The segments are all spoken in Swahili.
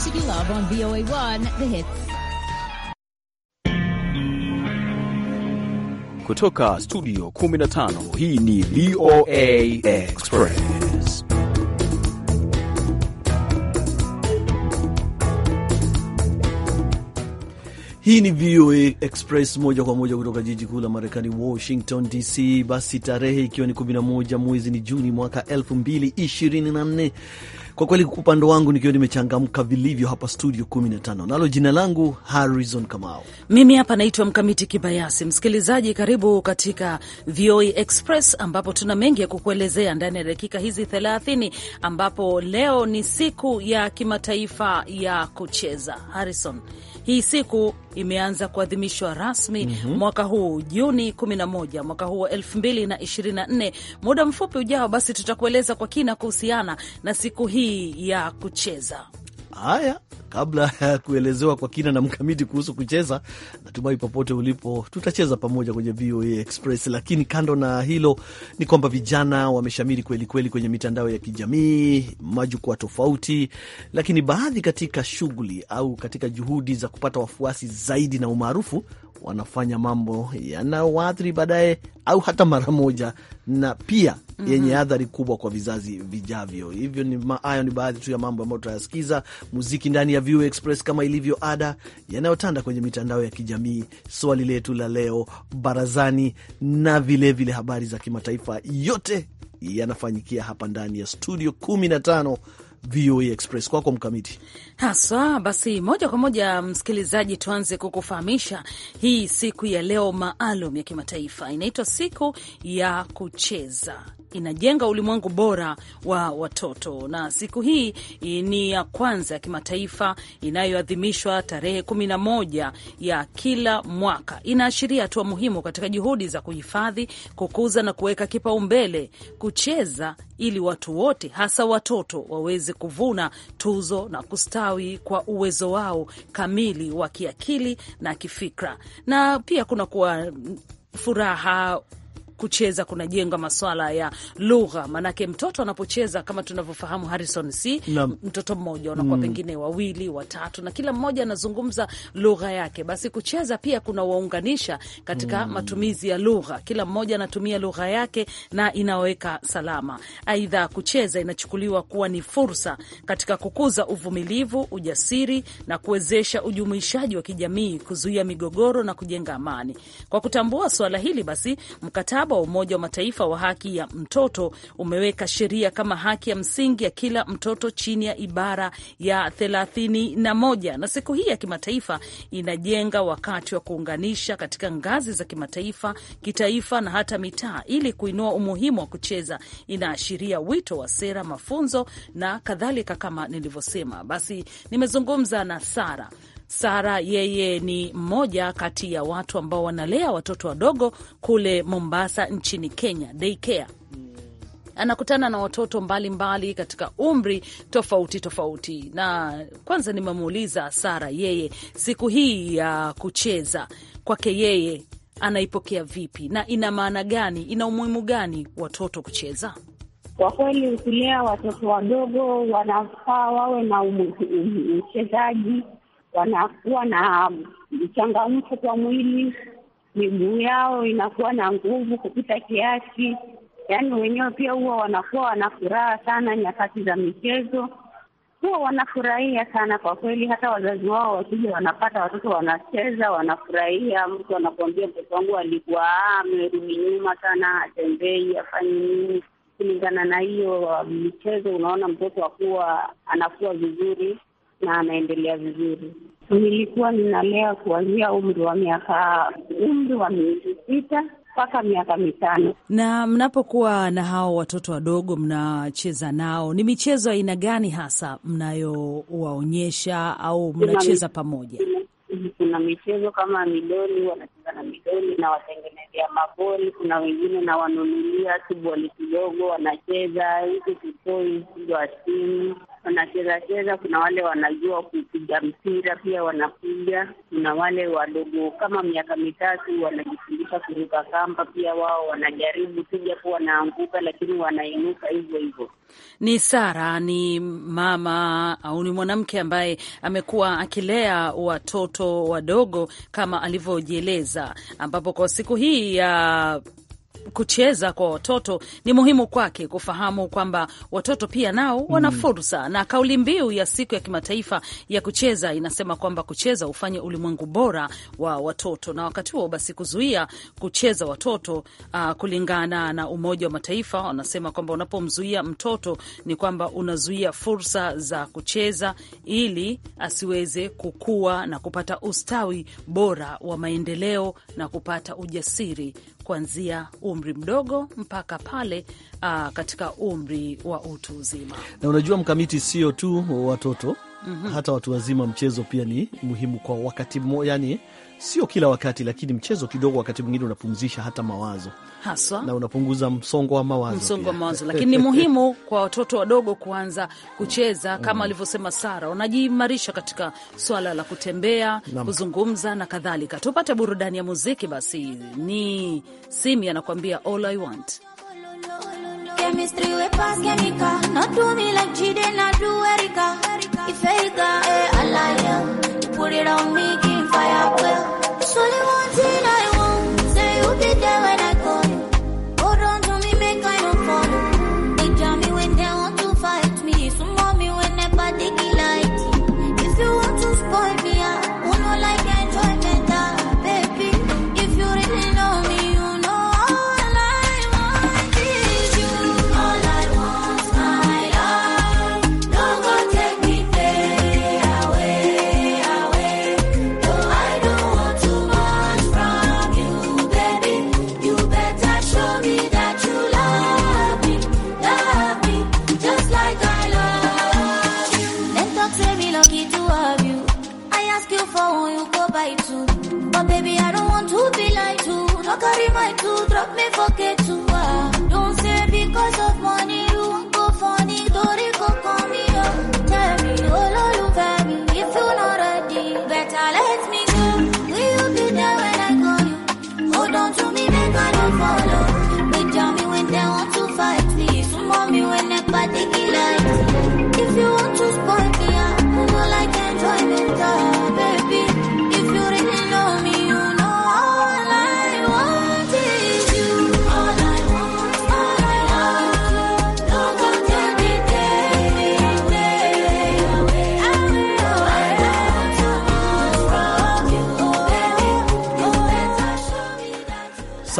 Music You Love on VOA1 The Hits. Kutoka studio 15 hii ni VOA Express. Hii ni VOA Express moja kwa moja kutoka jiji kuu la Marekani, Washington DC. Basi tarehe ikiwa ni 11 mwezi ni Juni mwaka 2024 kwa kweli upande wangu nikiwa nimechangamka vilivyo hapa studio 15, nalo jina langu Harrison Kamau. Mimi hapa naitwa Mkamiti Kibayasi. Msikilizaji, karibu katika VOA e Express ambapo tuna mengi ya kukuelezea ndani ya dakika hizi 30, ambapo leo ni siku ya kimataifa ya kucheza. Harrison, hii siku imeanza kuadhimishwa rasmi mm -hmm. mwaka huu Juni 11 mwaka huu wa 2024. Muda mfupi ujao, basi tutakueleza kwa kina kuhusiana na siku hii ya kucheza Haya, kabla ya kuelezewa kwa kina na Mkamiti kuhusu kucheza, natumai popote ulipo tutacheza pamoja kwenye VOA Express. Lakini kando na hilo, ni kwamba vijana wameshamiri kwelikweli kweli kwenye mitandao ya kijamii, majukwaa tofauti, lakini baadhi katika shughuli au katika juhudi za kupata wafuasi zaidi na umaarufu wanafanya mambo yanayowaathiri baadaye au hata mara moja, na pia yenye mhm. athari kubwa kwa vizazi vijavyo. Hivyo ni hayo ni baadhi tu ya mambo ambayo tutayasikiza muziki ndani ya VOA Express kama ilivyo ada, yanayotanda kwenye mitandao ya kijamii, swali letu la leo barazani, na vilevile vile habari za kimataifa. Yote yanafanyikia hapa ndani ya studio 15 VOA Express kwako Mkamiti haswa. Basi moja kwa moja, msikilizaji, tuanze kukufahamisha hii siku ya leo maalum ya kimataifa inaitwa siku ya kucheza inajenga ulimwengu bora wa watoto, na siku hii eh, ni ya kwanza ya kimataifa inayoadhimishwa tarehe kumi na moja ya kila mwaka. Inaashiria hatua muhimu katika juhudi za kuhifadhi, kukuza na kuweka kipaumbele kucheza ili watu wote hasa watoto waweze waweze kuvuna tuzo na kustawi kwa uwezo wao kamili wa kiakili na kifikra, na pia kuna kuwa furaha kucheza kunajenga maswala ya lugha, maanake mtoto anapocheza kama tunavyofahamu Harrison, si mtoto mmoja unakuwa mm, pengine wawili watatu, na kila mmoja anazungumza lugha yake, basi kucheza pia kuna waunganisha katika mm, matumizi ya lugha, kila mmoja anatumia lugha yake na inaweka salama. Aidha, kucheza inachukuliwa kuwa ni fursa katika kukuza uvumilivu, ujasiri na kuwezesha ujumuishaji wa kijamii, kuzuia migogoro na kujenga amani. Kwa kutambua suala hili, basi mkataba mkataba wa Umoja wa Mataifa wa haki ya mtoto umeweka sheria kama haki ya msingi ya kila mtoto chini ya ibara ya thelathini na moja na siku hii ya kimataifa inajenga wakati wa kuunganisha katika ngazi za kimataifa, kitaifa na hata mitaa, ili kuinua umuhimu wa kucheza. Inaashiria wito wa sera, mafunzo na kadhalika. Kama nilivyosema, basi nimezungumza na Sara Sara yeye ni mmoja kati ya watu ambao wanalea watoto wadogo kule Mombasa nchini Kenya, daycare anakutana na watoto mbalimbali mbali katika umri tofauti tofauti. Na kwanza nimemuuliza Sara yeye siku hii ya kucheza kwake yeye anaipokea vipi na ina maana gani, ina umuhimu gani watoto kucheza? Kwa kweli, ukulea watoto wadogo wanafaa wawe na uchezaji wanakuwa na mchangamfu kwa mwili, miguu yao inakuwa na nguvu kupita kiasi. Yaani wenyewe pia huwa wanakuwa wana furaha sana nyakati za michezo, huwa wanafurahia sana kwa kweli. Hata wazazi wao wakija, wanapata watoto wanacheza, wanafurahia. Mtu anakuambia mtoto wangu alikuwa ah, amerudi nyuma sana, atembei afanye nini. Kulingana na hiyo um, michezo, unaona mtoto akuwa anakuwa vizuri na anaendelea vizuri. Nilikuwa ninalea kuanzia umri wa miaka umri wa miezi sita mpaka miaka mitano. Na mnapokuwa na hao watoto wadogo mnacheza nao, ni michezo aina gani hasa mnayowaonyesha au mnacheza pamoja? kuna michezo kama midoli, wanacheza na midoli na watengenezea maboli. Kuna wengine na wanunulia tuboli kidogo, wanacheza hizi kitoi mpigo wa simu wanachezacheza. Kuna wale wanajua kupiga mpira pia wanapiga. Kuna wale wadogo kama miaka mitatu wanajifunza kuruka kuruka kamba pia wao wanajaribu tu, japo wanaanguka, lakini wanainuka hivyo hivyo. Ni Sara ni mama au ni mwanamke ambaye amekuwa akilea watoto wadogo kama alivyojieleza, ambapo kwa siku hii ya kucheza kwa watoto ni muhimu kwake kufahamu kwamba watoto pia nao wana mm. fursa. Na kauli mbiu ya siku ya kimataifa ya kucheza inasema kwamba kucheza hufanye ulimwengu bora wa watoto, na wakati huo basi kuzuia kucheza watoto uh, kulingana na Umoja wa Mataifa wanasema kwamba unapomzuia mtoto ni kwamba unazuia fursa za kucheza ili asiweze kukua na kupata ustawi bora wa maendeleo na kupata ujasiri kuanzia umri mdogo mpaka pale aa, ah, katika umri wa utu uzima. Na unajua mkamiti, sio tu watoto mm -hmm. hata watu wazima, mchezo pia ni muhimu kwa wakati mmoja, yani sio kila wakati, lakini mchezo kidogo, wakati mwingine unapumzisha hata mawazo haswa, na unapunguza msongo wa mawazo, msongo wa mawazo. Lakini ni muhimu kwa watoto wadogo kuanza kucheza kama mm. alivyosema Sara, wanajiimarisha katika swala la kutembea Nam. kuzungumza na kadhalika. Tupate burudani ya muziki basi, ni Simi anakuambia all I want chemistry we pass chemical not me like Erica You fake the air, I like you. put it on me, keep fire, well. It's only one.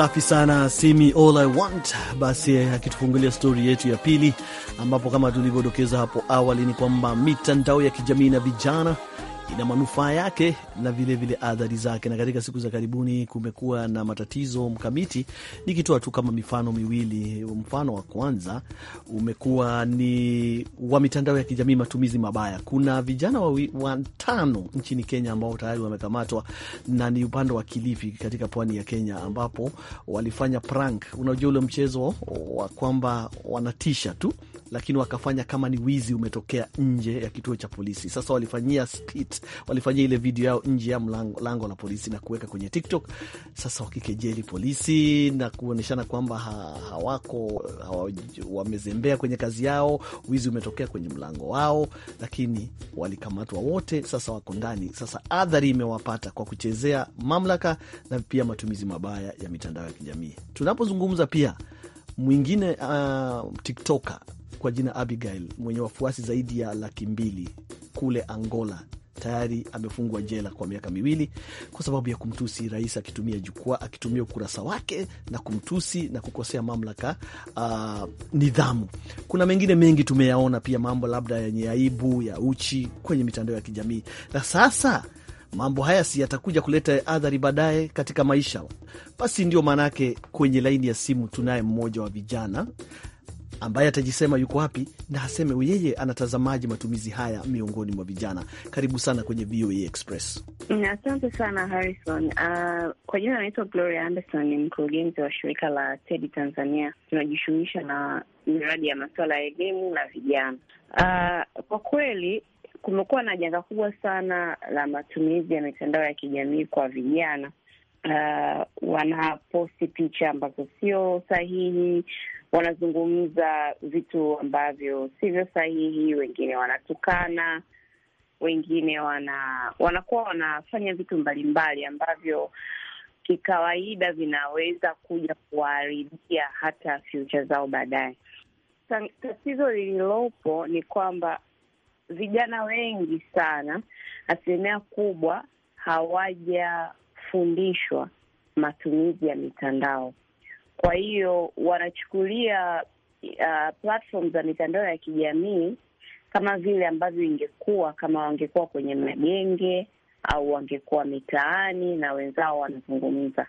Safi sana, Simi All I Want basi eh, akitufungulia stori yetu ya pili, ambapo kama tulivyodokeza hapo awali ni kwamba mitandao ya kijamii na vijana ina manufaa yake na vilevile adhari zake. Na katika siku za karibuni kumekuwa na matatizo mkamiti, nikitoa tu kama mifano miwili. Mfano wa kwanza umekuwa ni wa mitandao ya kijamii, matumizi mabaya. Kuna vijana watano nchini Kenya ambao tayari wamekamatwa na ni upande wa Kilifi katika pwani ya Kenya, ambapo walifanya prank. Unajua ule mchezo wa kwamba wanatisha tu lakini wakafanya kama ni wizi umetokea nje ya kituo cha polisi. Sasa walifanyia skit, walifanyia ile video yao nje ya mlango, lango la polisi na kuweka kwenye TikTok. Sasa wakikejeli polisi na kuonyeshana kwamba ha, hawako hawa, wamezembea kwenye kazi yao, wizi umetokea kwenye mlango wao, lakini walikamatwa wote, sasa wako ndani. Sasa adhari imewapata kwa kuchezea mamlaka na pia matumizi mabaya ya mitandao ya kijamii. Tunapozungumza pia mwingine uh, ah, tiktoka kwa jina Abigail mwenye wafuasi zaidi ya laki mbili kule Angola tayari amefungwa jela kwa miaka miwili kwa sababu ya kumtusi rais akitumia jukwaa akitumia ukurasa wake na kumtusi na kukosea mamlaka uh, nidhamu. Kuna mengine mengi tumeyaona pia, mambo labda yenye aibu ya uchi kwenye mitandao ya kijamii, na sasa mambo haya si yatakuja kuleta adhari baadaye katika maisha? Basi ndio maanake kwenye laini ya simu tunaye mmoja wa vijana ambaye atajisema yuko wapi na aseme yeye anatazamaji matumizi haya miongoni mwa vijana. Karibu sana kwenye VOA Express. Mm, asante sana Harrison. Uh, kwa jina anaitwa Gloria Anderson, ni mkurugenzi wa shirika la Tedi Tanzania. Tunajishughulisha na miradi ya masuala ya elimu na vijana. Uh, kwa kweli kumekuwa na janga kubwa sana la matumizi ya mitandao ya kijamii kwa vijana. Uh, wanaposti picha ambazo sio sahihi, wanazungumza vitu ambavyo sivyo sahihi, wengine wanatukana, wengine wana wanakuwa wanafanya vitu mbalimbali ambavyo kikawaida vinaweza kuja kuwaharibia hata future zao baadaye. Tatizo lililopo ni kwamba vijana wengi sana, asilimia kubwa, hawajafundishwa matumizi ya mitandao. Kwa hiyo wanachukulia uh, platform za mitandao ya kijamii kama vile ambavyo ingekuwa kama wangekuwa kwenye magenge au wangekuwa mitaani na wenzao wanazungumza,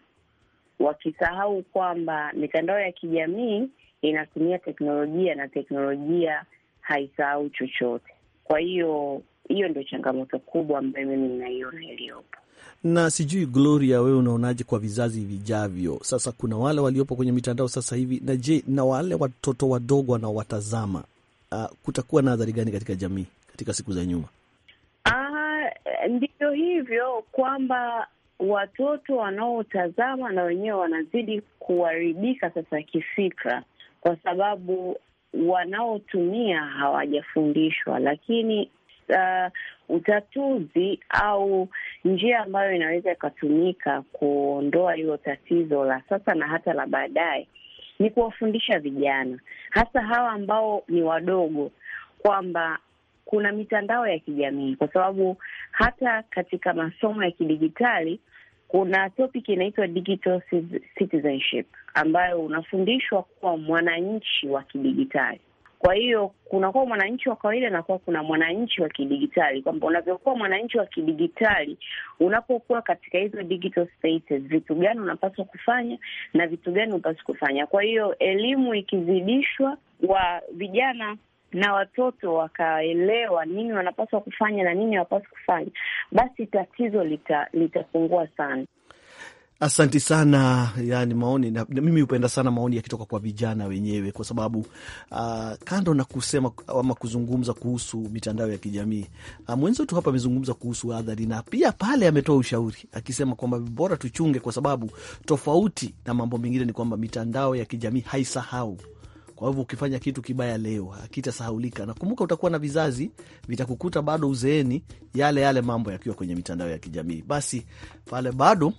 wakisahau kwamba mitandao ya kijamii inatumia teknolojia na teknolojia haisahau chochote. Kwa hiyo hiyo ndio changamoto kubwa ambayo mimi inaiona iliyopo na sijui Gloria, wewe unaonaje kwa vizazi vijavyo? Sasa kuna wale waliopo kwenye mitandao sasa hivi, na je, na wale watoto wadogo wanaowatazama, uh, kutakuwa na adhari gani katika jamii katika siku za nyuma? Ah, Ndivyo hivyo kwamba watoto wanaotazama na wenyewe wanazidi kuharibika sasa kifikra, kwa sababu wanaotumia hawajafundishwa, lakini uh, utatuzi au njia ambayo inaweza ikatumika kuondoa hilo tatizo la sasa na hata la baadaye ni kuwafundisha vijana, hasa hawa ambao ni wadogo, kwamba kuna mitandao ya kijamii, kwa sababu hata katika masomo ya kidijitali kuna topic inaitwa digital citizenship ambayo unafundishwa kuwa mwananchi wa kidijitali. Kwa hiyo kunakuwa mwananchi wa kawaida na kuwa kuna mwananchi wa kidigitali, kwamba unavyokuwa mwananchi wa kidigitali, unapokuwa katika hizo digital spaces, vitu gani unapaswa kufanya na vitu gani unapaswa kufanya. Kwa hiyo elimu ikizidishwa, wa vijana na watoto wakaelewa nini wanapaswa kufanya na nini hawapaswi kufanya, basi tatizo litapungua lita sana. Asanti sana. Yani maoni na, na mimi hupenda sana maoni yakitoka kwa vijana wenyewe, kwa sababu uh, kando na kusema ama kuzungumza kuhusu mitandao ya kijamii uh, mwenzetu hapa amezungumza kuhusu adhari na pia pale ametoa ushauri akisema kwamba bora tuchunge, kwa sababu tofauti na mambo mengine ni kwamba mitandao ya kijamii haisahau kwa hivyo ukifanya kitu kibaya leo hakitasahaulika, na kumbuka, utakuwa na vizazi vitakukuta bado uzeeni, yale yale mambo yakiwa kwenye mitandao ya kijamii. Basi pale bado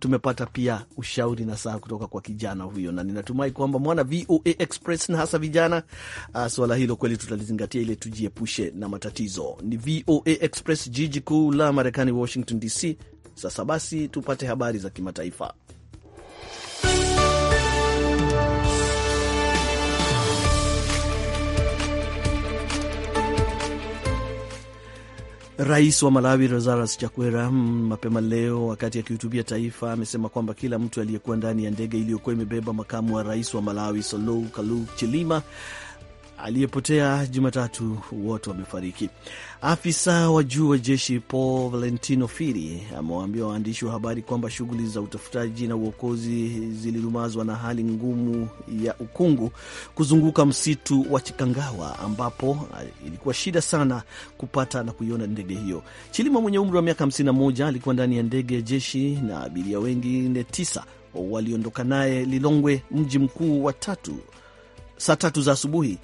tumepata pia ushauri na saha kutoka kwa kijana huyo, na ninatumai kwamba mwana VOA Express na hasa vijana, uh, swala hilo kweli tutalizingatia, ile tujiepushe na matatizo. Ni VOA Express, jiji kuu la Marekani, Washington DC. Sasa basi tupate habari za kimataifa. Rais wa Malawi Lazarus Chakwera mm, mapema leo, wakati akihutubia taifa, amesema kwamba kila mtu aliyekuwa ndani ya ndege iliyokuwa imebeba makamu wa rais wa Malawi solou Kalou Chilima aliyepotea Jumatatu wote wamefariki. Afisa wa juu wa jeshi Paul Valentino Firi amewaambia waandishi wa habari kwamba shughuli za utafutaji na uokozi zililumazwa na hali ngumu ya ukungu kuzunguka msitu wa Chikangawa, ambapo ilikuwa shida sana kupata na kuiona ndege hiyo. Chilima mwenye umri wa miaka 51 alikuwa ndani ya ndege ya jeshi na abiria wengine tisa waliondoka naye Lilongwe, mji mkuu wa tatu, saa tatu za asubuhi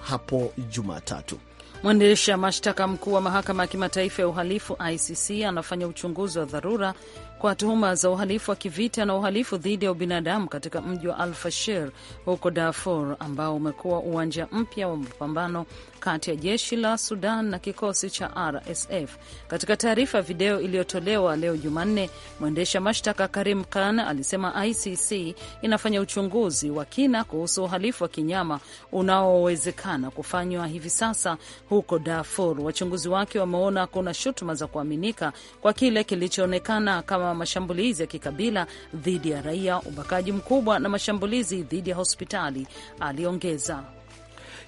hapo Jumatatu. Mwendesha mashtaka mkuu wa mahakama ya kimataifa ya uhalifu ICC anafanya uchunguzi wa dharura kwa tuhuma za uhalifu wa kivita na uhalifu dhidi ya ubinadamu katika mji wa alfashir huko Darfur, ambao umekuwa uwanja mpya wa mapambano kati ya jeshi la Sudan na kikosi cha RSF. Katika taarifa ya video iliyotolewa leo Jumanne, mwendesha mashtaka Karim Khan alisema ICC inafanya uchunguzi wa kina kuhusu uhalifu wa kinyama unaowezekana kufanywa hivi sasa huko Darfur. Wachunguzi wake wameona kuna shutuma za kuaminika kwa kile kilichoonekana kama mashambulizi ya kikabila dhidi ya raia, ubakaji mkubwa na mashambulizi dhidi ya hospitali, aliongeza.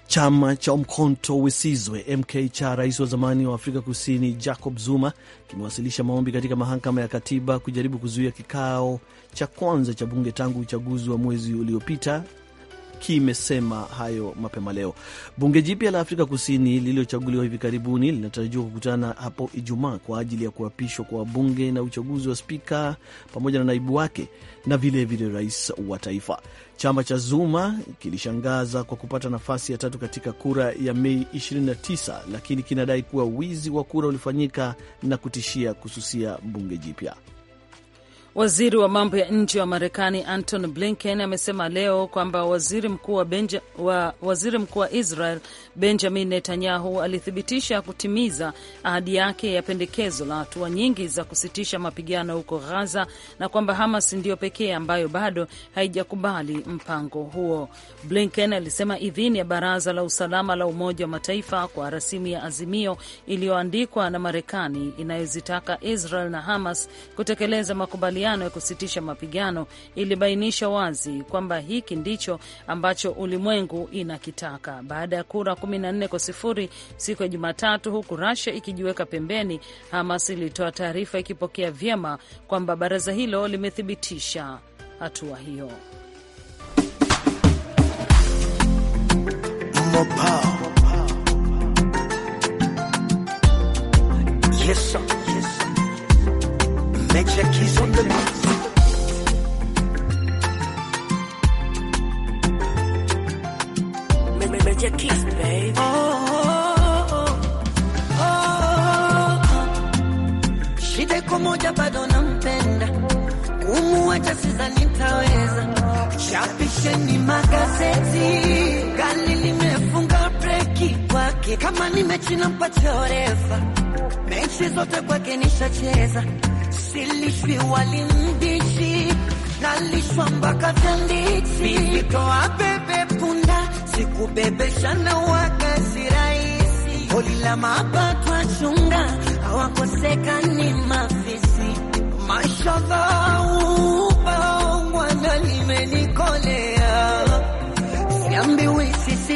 Chama cha Umkhonto wesizwe MK cha rais wa zamani wa Afrika Kusini Jacob Zuma kimewasilisha maombi katika mahakama ya katiba kujaribu kuzuia kikao cha kwanza cha bunge tangu uchaguzi wa mwezi uliopita kimesema hayo mapema leo. Bunge jipya la Afrika Kusini lililochaguliwa hivi karibuni linatarajiwa kukutana hapo Ijumaa kwa ajili ya kuapishwa kwa wabunge na uchaguzi wa spika pamoja na naibu wake na vilevile rais wa taifa. Chama cha Zuma kilishangaza kwa kupata nafasi ya tatu katika kura ya Mei 29 lakini kinadai kuwa wizi wa kura ulifanyika na kutishia kususia bunge jipya. Waziri wa mambo ya nje wa Marekani anton Blinken amesema leo kwamba waziri mkuu wa, wa, waziri mkuu wa Israel Benjamin Netanyahu alithibitisha kutimiza ahadi yake ya pendekezo la hatua nyingi za kusitisha mapigano huko ghaza na kwamba Hamas ndiyo pekee ambayo bado haijakubali mpango huo. Blinken alisema idhini ya Baraza la Usalama la Umoja wa Mataifa kwa rasimu ya azimio iliyoandikwa na Marekani inayozitaka Israel na Hamas kutekeleza makubaliano makubaliano ya kusitisha mapigano ilibainisha wazi kwamba hiki ndicho ambacho ulimwengu inakitaka baada ya kura 14 kwa sifuri siku ya Jumatatu, huku rasia ikijiweka pembeni. Hamas ilitoa taarifa ikipokea vyema kwamba baraza hilo limethibitisha hatua hiyo.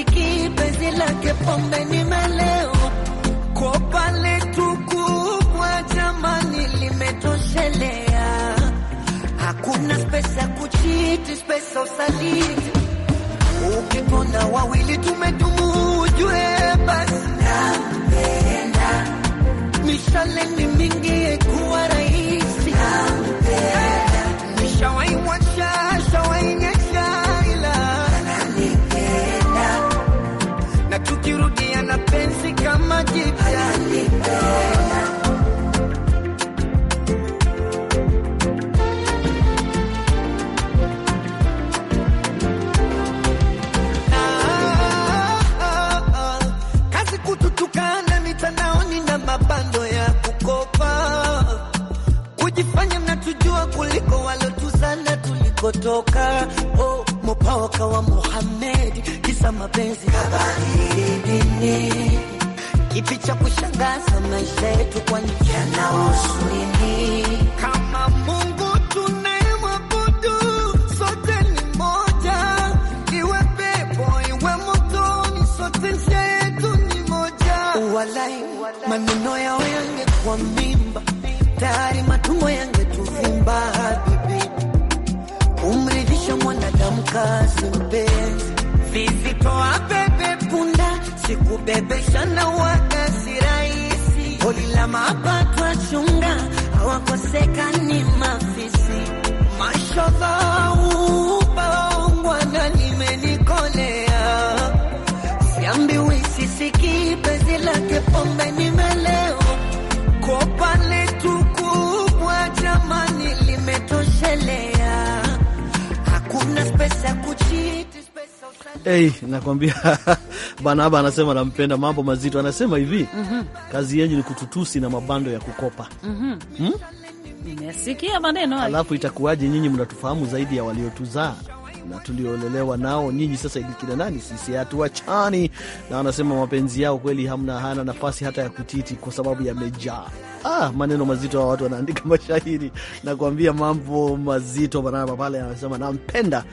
rafiki penzi lake pombe nimeleo kopale tukubwa jamani, limetoshelea. Hakuna ya kuchiti, spesa usaliti. Ukipona wawili tumetumujwe, basi napenda mishale ni mingi ulikotoka, oh, mupawaka wa Muhammad, kisa mapenzi. Habari dini, kipi cha kushangaza maisha yetu, kwani yanahusu nini? kama Mungu kasumbe visipoa pepe punda sikubebesha na rahisi holi la mapatwa chunga hawakosekani ma Hey, nakwambia bana anasema nampenda, mambo mazito. Anasema hivi mm -hmm. kazi yenyu ni kututusi na mabando ya kukopa mm -hmm. hmm? Nimesikia maneno. Alafu itakuwaje nyinyi mnatufahamu zaidi ya waliotuzaa na tuliolelewa nao, nyinyi sasa ikina nani? Sisi hatuachani na anasema mapenzi yao kweli hamna, hana nafasi hata ya kutiti kwa sababu yamejaa. Ah, maneno mazito, hawa watu wanaandika mashairi na kuambia mambo mazito. Banaba pale anasema nampenda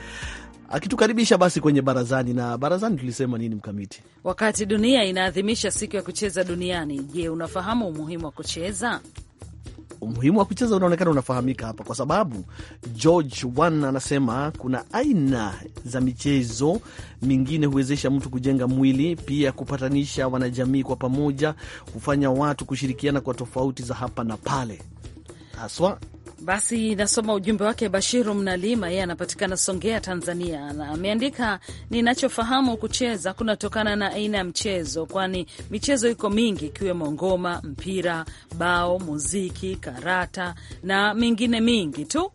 akitukaribisha basi kwenye barazani. Na barazani tulisema nini, Mkamiti? Wakati dunia inaadhimisha siku ya kucheza duniani, je, unafahamu umuhimu wa kucheza? Umuhimu wa kucheza unaonekana unafahamika hapa, kwa sababu George Wan anasema kuna aina za michezo mingine huwezesha mtu kujenga mwili, pia kupatanisha wanajamii kwa pamoja, hufanya watu kushirikiana kwa tofauti za hapa na pale, haswa basi nasoma ujumbe wake. Bashiru Mnalima, yeye anapatikana Songea, Tanzania, na ameandika ninachofahamu, kucheza kunatokana na aina ya mchezo, kwani michezo iko mingi, ikiwemo ngoma, mpira, bao, muziki, karata na mingine mingi tu.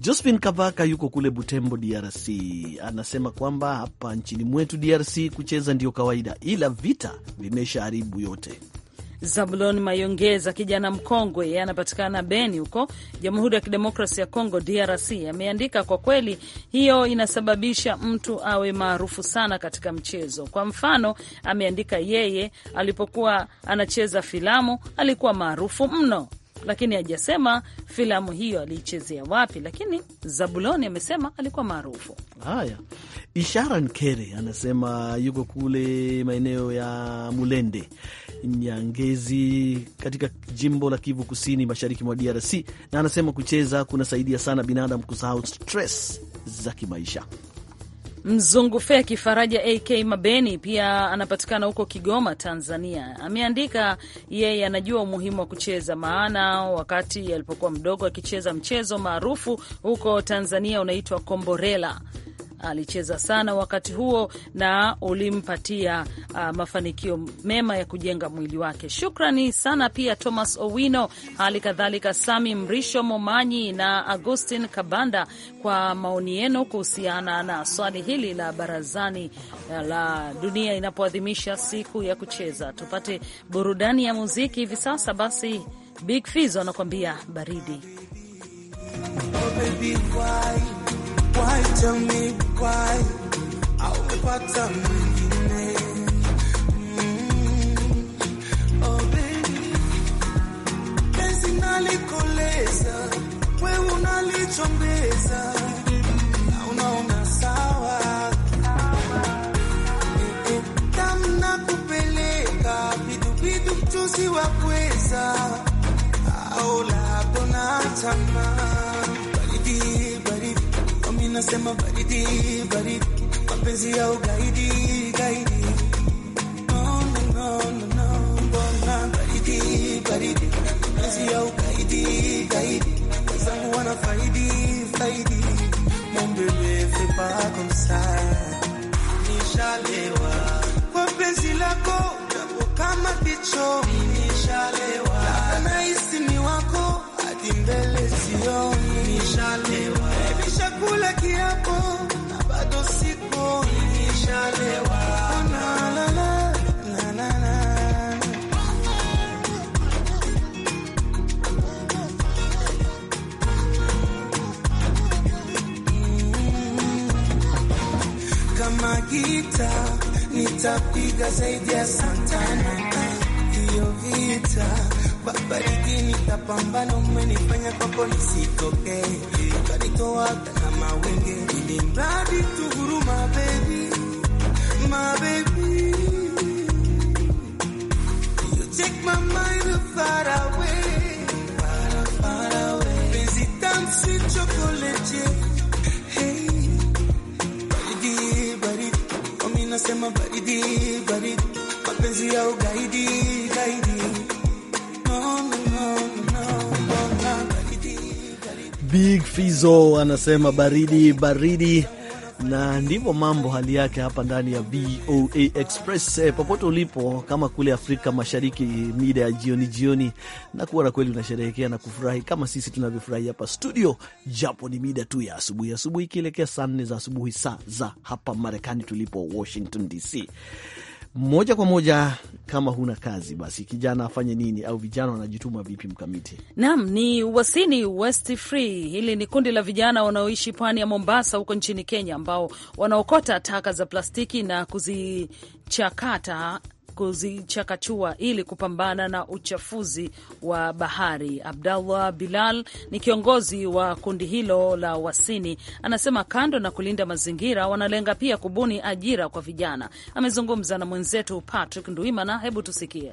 Jospin Kavaka yuko kule Butembo, DRC, anasema kwamba hapa nchini mwetu DRC kucheza ndiyo kawaida, ila vita vimeshaharibu yote. Zabulon Mayongeza, kijana mkongwe anapatikana Beni huko Jamhuri ya Kidemokrasi ya Kongo, DRC, ameandika kwa kweli, hiyo inasababisha mtu awe maarufu sana katika mchezo. Kwa mfano, ameandika yeye alipokuwa anacheza filamu alikuwa maarufu mno lakini hajasema filamu hiyo aliichezea wapi, lakini Zabuloni amesema alikuwa maarufu. Haya, Ishara Nkere anasema yuko kule maeneo ya Mulende Nyangezi katika jimbo la Kivu Kusini, mashariki mwa DRC, na anasema kucheza kunasaidia sana binadamu kusahau stress za kimaisha. Mzungu Feki Faraja AK Mabeni pia anapatikana huko Kigoma, Tanzania. Ameandika yeye anajua umuhimu wa kucheza, maana wakati alipokuwa mdogo akicheza mchezo maarufu huko Tanzania unaitwa komborela alicheza sana wakati huo na ulimpatia uh, mafanikio mema ya kujenga mwili wake. Shukrani sana pia Thomas Owino, hali kadhalika Sami Mrisho Momanyi na Agustin Kabanda kwa maoni yenu kuhusiana na swali hili la barazani uh, la dunia inapoadhimisha siku ya kucheza. Tupate burudani ya muziki hivi sasa. Basi Big Fizz anakuambia baridi. Oh baby, Acha mikwae au pata mwingine penzi nalikoleza, wewe unalichombeza na unaona sawa kupeleka viduvidu mchuzi wa kweza au labda na tamaa wanasema baridi baridi, mapenzi ya ugaidi gaidi, no no no, mbona baridi baridi, mapenzi ya ugaidi gaidi, wenzangu wanafaidi faidi, monde ne fait pas comme ça, nishalewa kwa penzi lako, kama kicho nishalewa nitapiga zaidi ya santana hiyo vita babariki, nitapambana. Umenifanya kwa polisi toke ukanitoa na mawenge, ili mradi tu huruma, baby baby, take my mind far away, far away, chocolate wanasema baridi baridi, mapenzi ya ugaidi gaidi. Big Fizo anasema baridi baridi na ndivyo mambo hali yake hapa ndani ya VOA Express. Eh, popote ulipo, kama kule Afrika Mashariki mida ya jioni jioni, na kuona kweli unasherehekea na kufurahi kama sisi tunavyofurahi hapa studio, japo ni mida tu ya asubuhi asubuhi, ikielekea saa nne za asubuhi, saa za hapa Marekani tulipo Washington DC moja kwa moja kama huna kazi basi kijana afanye nini, au vijana wanajituma vipi? Mkamiti nam ni Wasini West Free. Hili ni kundi la vijana wanaoishi pwani ya Mombasa huko nchini Kenya, ambao wanaokota taka za plastiki na kuzichakata kuzichakachua ili kupambana na uchafuzi wa bahari. Abdallah Bilal ni kiongozi wa kundi hilo la Wasini, anasema kando na kulinda mazingira, wanalenga pia kubuni ajira kwa vijana. Amezungumza na mwenzetu Patrick Nduimana, hebu tusikie.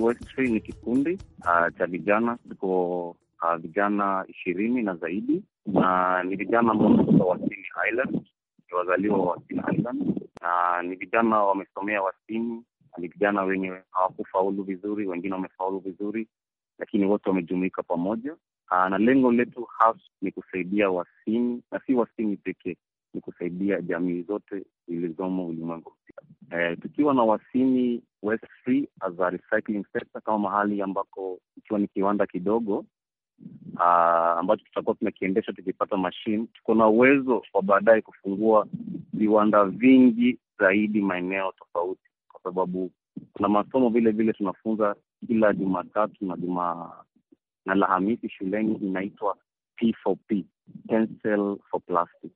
Wasini ni kikundi uh, cha vijana, tuko ah, vijana ishirini na zaidi, na ni vijana ambao kutoka Wasini Island, ni wazaliwa wa Wasini Island na ni vijana wamesomea Wasini ni yaani vijana wenye hawakufaulu vizuri, wengine wamefaulu vizuri, lakini wote wamejumuika pamoja. Aa, ah, na lengo letu hasa ni kusaidia Wasini na si Wasini pekee, ni kusaidia jamii zote zilizomo ulimwengu mpya. E, eh, tukiwa na Wasini West Free as a recycling kama mahali ambako ikiwa ni kiwanda kidogo Uh, ambacho tutakuwa tunakiendesha tukipata mashine, tuko na uwezo wa baadaye kufungua viwanda vingi zaidi maeneo tofauti sababu kuna masomo vile vile tunafunza kila Jumatatu na juma na Alhamisi shuleni, inaitwa P4P, pencil for plastic.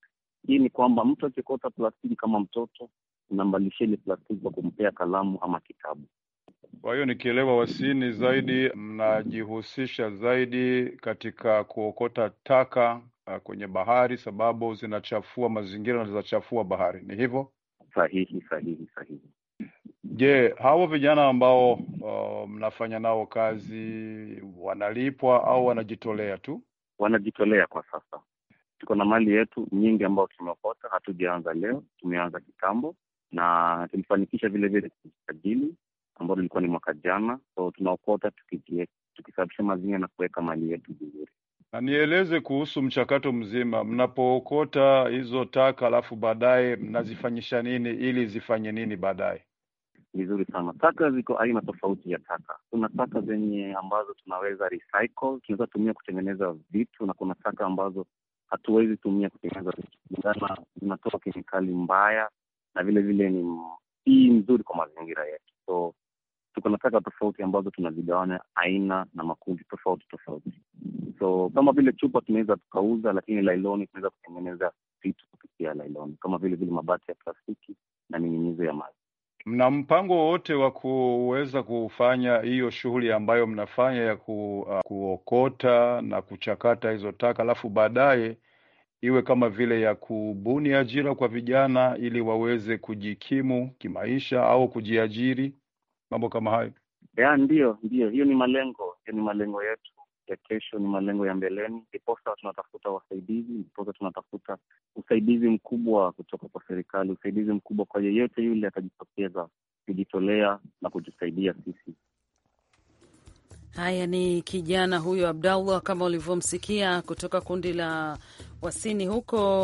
Hii ni kwamba mtu akikota plastiki kama mtoto, unambalishia ile plastiki kwa kumpea kalamu ama kitabu. Kwa hiyo nikielewa, wasini zaidi mnajihusisha zaidi katika kuokota taka uh, kwenye bahari, sababu zinachafua mazingira na zinachafua bahari. Ni hivyo sahihi? Sahihi, sahihi. Je, hawa vijana ambao uh, mnafanya nao kazi wanalipwa au wanajitolea tu? Wanajitolea kwa sasa. Tuko na mali yetu nyingi ambayo tumeokota, hatujaanza leo, tumeanza kitambo na tulifanikisha vile vile kujisajili ambao ilikuwa ni mwaka jana, so tunaokota tukisababisha mazingira na kuweka mali yetu vizuri. na Nieleze kuhusu mchakato mzima, mnapookota hizo taka alafu baadaye mnazifanyisha nini ili zifanye nini baadaye? vizuri sana. Taka ziko aina tofauti ya taka. Kuna taka zenye ambazo tunaweza recycle, tunaweza tumia kutengeneza vitu, na kuna taka ambazo hatuwezi tumia kutengeneza vitu, kulingana zinatoa kemikali mbaya na vile vile ni hii nzuri kwa mazingira yetu. So tuko na taka tofauti ambazo tunazigawana aina na makundi tofauti tofauti. So kama vile chupa tunaweza tukauza, lakini lailoni tunaweza kutengeneza vitu kupitia lailoni, kama vile vile mabati ya plastiki na minginyizo ya maji mna mpango wowote wa kuweza kufanya hiyo shughuli ambayo mnafanya ya ku, uh, kuokota na kuchakata hizo taka alafu baadaye iwe kama vile ya kubuni ajira kwa vijana ili waweze kujikimu kimaisha au kujiajiri, mambo kama hayo? Ya, ndiyo, ndiyo, hiyo ni malengo, hiyo ni malengo yetu ya kesho ni malengo ya mbeleni, ndiposa tunatafuta wasaidizi, ndiposa tunatafuta usaidizi mkubwa kutoka kwa serikali, usaidizi mkubwa kwa yeyote yule atajitokeza kujitolea na kujisaidia sisi. Haya, ni kijana huyo Abdallah, kama ulivyomsikia, kutoka kundi la Wasini huko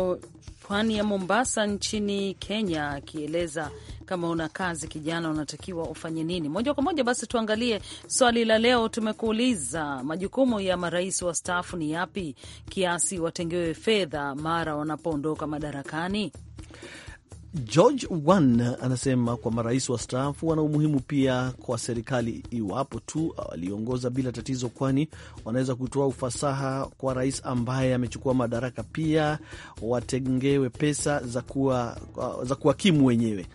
pwani ya Mombasa nchini Kenya, akieleza kama una kazi kijana, unatakiwa ufanye nini moja kwa moja. Basi tuangalie swali la leo. Tumekuuliza, majukumu ya marais wastaafu ni yapi kiasi watengewe fedha mara wanapoondoka madarakani? George Wan anasema kwamba rais stafu wana umuhimu pia kwa serikali iwapo tu waliongoza bila tatizo, kwani wanaweza kutoa ufasaha kwa rais ambaye amechukua madaraka. Pia watengewe pesa za kuwakimu za wenyewe.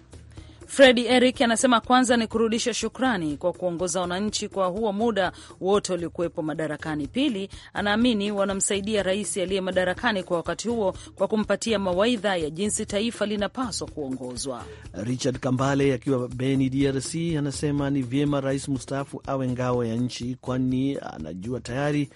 Fredi Eric anasema kwanza ni kurudisha shukrani kwa kuongoza wananchi kwa huo muda wote waliokuwepo madarakani. Pili, anaamini wanamsaidia rais aliye madarakani kwa wakati huo kwa kumpatia mawaidha ya jinsi taifa linapaswa kuongozwa. Richard Kambale akiwa Beni, DRC, anasema ni vyema rais mstaafu awe ngao ya nchi, kwani anajua tayari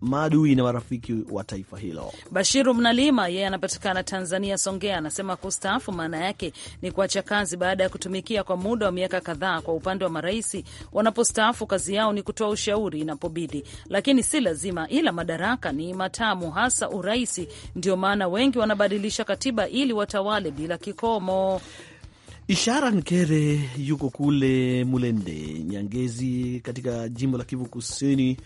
maadui na marafiki wa taifa hilo. Bashiru Mnalima yeye anapatikana Tanzania, Songea, anasema kustaafu maana yake ni kuacha kazi baada ya kutumikia kwa muda wa miaka kadhaa. Kwa upande wa marais, wanapostaafu kazi yao ni kutoa ushauri inapobidi, lakini si lazima, ila madaraka ni matamu, hasa uraisi. Ndio maana wengi wanabadilisha katiba ili watawale bila kikomo. Ishara Nkere yuko kule Mulende Nyangezi, katika jimbo la Kivu Kusini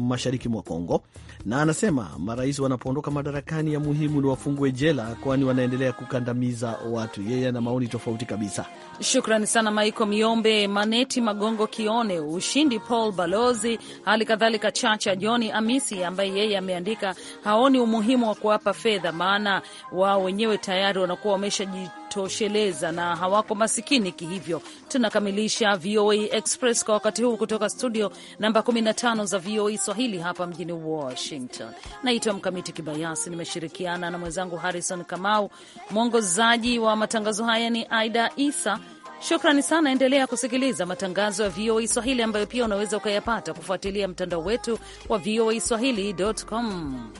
mashariki mwa Kongo, na anasema marais wanapoondoka madarakani, ya muhimu ni wafungwe jela, kwani wanaendelea kukandamiza watu. Yeye ana maoni tofauti kabisa. Shukrani sana Maiko Miombe, Maneti Magongo, Kione Ushindi, Paul Balozi, hali kadhalika Chacha Joni Amisi, ambaye yeye ameandika haoni umuhimu wa kuwapa fedha, maana wao wenyewe tayari wanakuwa tosheleza na hawako masikini kihivyo. Tunakamilisha VOA Express kwa wakati huu kutoka studio namba 15 za VOA Kiswahili hapa mjini Washington. Naitwa Mkamiti Kibayasi, nimeshirikiana na mwenzangu Harrison Kamau. Mwongozaji wa matangazo haya ni Aida Isa. Shukrani sana. Endelea kusikiliza matangazo ya VOA Swahili ambayo pia unaweza ukayapata kufuatilia mtandao wetu wa VOA Swahili.com.